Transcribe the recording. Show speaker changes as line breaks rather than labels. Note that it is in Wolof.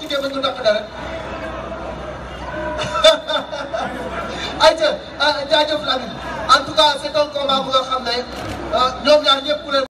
ci gémmiñ du dàq dara ayca jaajëf Lamine en tout cas c'est un combat bu nga
xam ne ñoom ñaar ñëpp ku leen